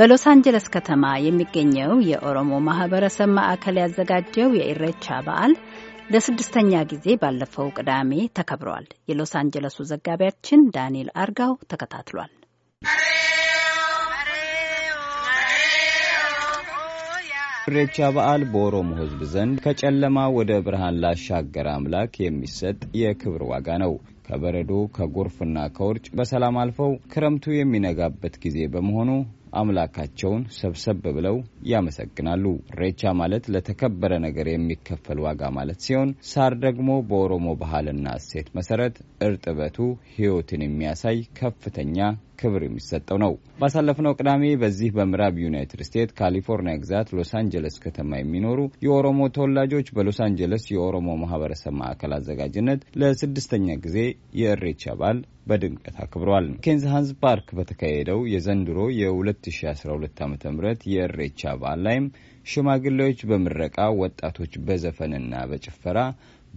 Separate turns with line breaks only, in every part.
በሎስ አንጀለስ ከተማ የሚገኘው የኦሮሞ ማህበረሰብ ማዕከል ያዘጋጀው የኢሬቻ በዓል ለስድስተኛ ጊዜ ባለፈው ቅዳሜ ተከብሯል። የሎስ አንጀለሱ ዘጋቢያችን ዳንኤል አርጋው ተከታትሏል።
ኢሬቻ በዓል በኦሮሞ ሕዝብ ዘንድ ከጨለማ ወደ ብርሃን ላሻገረ አምላክ የሚሰጥ የክብር ዋጋ ነው። ከበረዶ ከጎርፍና ከውርጭ በሰላም አልፈው ክረምቱ የሚነጋበት ጊዜ በመሆኑ አምላካቸውን ሰብሰብ ብለው ያመሰግናሉ። ሬቻ ማለት ለተከበረ ነገር የሚከፈል ዋጋ ማለት ሲሆን ሳር ደግሞ በኦሮሞ ባህልና እሴት መሰረት እርጥበቱ ሕይወትን የሚያሳይ ከፍተኛ ክብር የሚሰጠው ነው። ባሳለፍነው ቅዳሜ በዚህ በምዕራብ ዩናይትድ ስቴትስ ካሊፎርኒያ ግዛት ሎስ አንጀለስ ከተማ የሚኖሩ የኦሮሞ ተወላጆች በሎስ አንጀለስ የኦሮሞ ማህበረሰብ ማዕከል አዘጋጅነት ለስድስተኛ ጊዜ የእሬቻ በዓል በድምቀት አክብረዋል። ኬንዝ ሃንዝ ፓርክ በተካሄደው የዘንድሮ የ2012 ዓ ም የእሬቻ በዓል ላይም ሽማግሌዎች በምረቃ ወጣቶች በዘፈንና በጭፈራ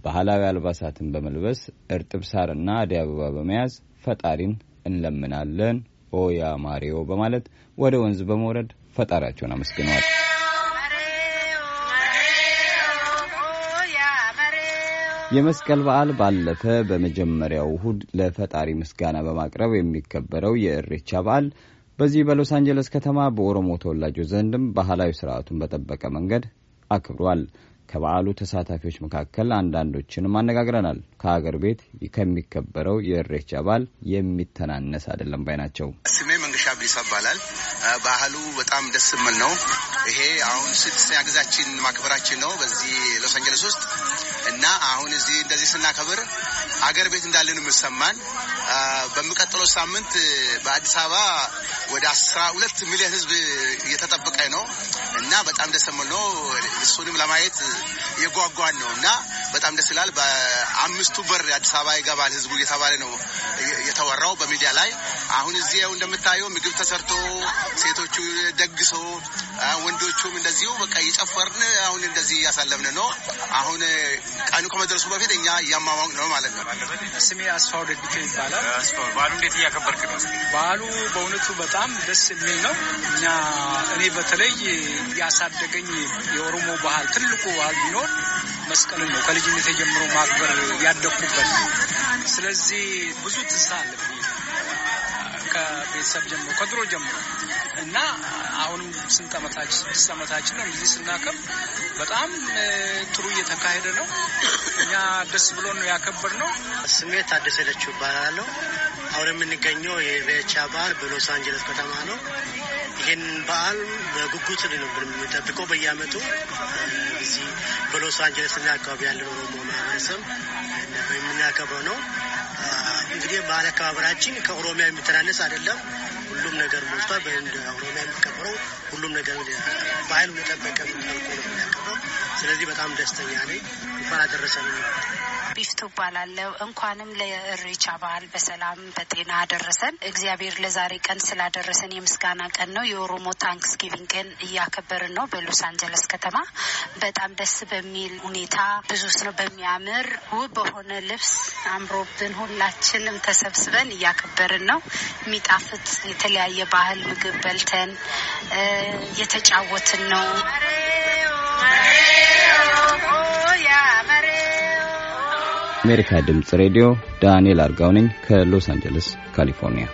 ባህላዊ አልባሳትን በመልበስ እርጥብ ሳርና አደይ አበባ በመያዝ ፈጣሪን እንለምናለን ኦያ ማሪዮ በማለት ወደ ወንዝ በመውረድ ፈጣሪያቸውን አመስግነዋል። የመስቀል በዓል ባለፈ በመጀመሪያው እሁድ ለፈጣሪ ምስጋና በማቅረብ የሚከበረው የእሬቻ በዓል በዚህ በሎስ አንጀለስ ከተማ በኦሮሞ ተወላጆች ዘንድም ባህላዊ ስርዓቱን በጠበቀ መንገድ አክብሯል። ከበዓሉ ተሳታፊዎች መካከል አንዳንዶችንም አነጋግረናል። ከሀገር ቤት ከሚከበረው የእሬቻ በዓል የሚተናነስ አይደለም ባይ ናቸው።
ስሜ መንገሻ ብሊሳ ይባላል። ባህሉ በጣም ደስ የሚል ነው። ይሄ አሁን ስድስተኛ ጊዜያችን ማክበራችን ነው በዚህ ሎስ አንጀለስ ውስጥ እና አሁን እዚህ እንደዚህ ስናከብር አገር ቤት እንዳለን የምሰማን በሚቀጥለው ሳምንት በአዲስ አበባ ወደ አስራ ሁለት ሚሊዮን ህዝብ እየተጠበቀ ነው እና በጣም ደስ የሚል ነው። እሱንም ለማየት የጓጓን ነው እና በጣም ደስ ይላል። በአምስቱ በር አዲስ አበባ ይገባል ህዝቡ እየተባለ ነው የተወራው በሚዲያ ላይ አሁን እዚህ ያው እንደምታየው ምግብ ተሰርቶ ሴቶቹ ደግሶ ወንዶቹም እንደዚሁ በቃ እየጨፈርን አሁን እንደዚህ እያሳለፍን ነው። አሁን ቀኑ ከመድረሱ በፊት እኛ እያማማቅ ነው ማለት ነው። ስሜ አስፋው ደግቶ ይባላል። በዓሉ እንዴት እያከበርክ ነው?
በዓሉ በእውነቱ በጣም ደስ የሚል ነው። እኛ እኔ በተለይ ያሳደገኝ የኦሮሞ ባህል ትልቁ ባህል ቢኖር መስቀልን ነው። ከልጅነት የጀምሮ ማክበር ያደግኩበት። ስለዚህ ብዙ ትዝታ አለብኝ ከቤተሰብ ጀምሮ ከድሮ ጀምሮ እና አሁንም ስንት ዓመታችን ስድስት ዓመታችን ነው እንደዚህ ስናከብ በጣም
ጥሩ እየተካሄደ ነው። እኛ ደስ ብሎ ነው ያከበር ነው። ስሜት ታደሰ ለችው እባላለሁ። አሁን የምንገኘው የቤቻ በዓል በሎስ አንጀለስ ከተማ ነው። ይህን በዓል በጉጉት ነው የምንጠብቀው። በየዓመቱ በሎስ አንጀለስ እና አካባቢ ያለው ኦሮሞ ማህበረሰብ የምናከበው ነው። እንግዲህ ባህል አከባበራችን ከኦሮሚያ የሚተናነስ አይደለም። ሁሉም ነገር ሞልቷል። ኦሮሚያ የሚከበረው ሁሉም ነገር ባህል የጠበቀ ነው። ስለዚህ በጣም ደስተኛ ነኝ። እንኳን አደረሰን።
ቢፍቱ እባላለሁ። እንኳንም ለእሬቻ በዓል በሰላም በጤና አደረሰን። እግዚአብሔር ለዛሬ ቀን ስላደረሰን የምስጋና ቀን ነው። የኦሮሞ ታንክስ ጊቪንግ ቀን እያከበርን ነው በሎስ አንጀለስ ከተማ በጣም ደስ በሚል ሁኔታ ብዙ ነው በሚያምር ውብ በሆነ ልብስ አምሮብን ሁላችንም ተሰብስበን እያከበርን ነው። የሚጣፍጥ የተለያየ ባህል ምግብ በልተን እየተጫወትን ነው።
አሜሪካ ድምፅ ሬዲዮ ዳንኤል አርጋው ነኝ ከሎስ አንጀለስ ካሊፎርኒያ።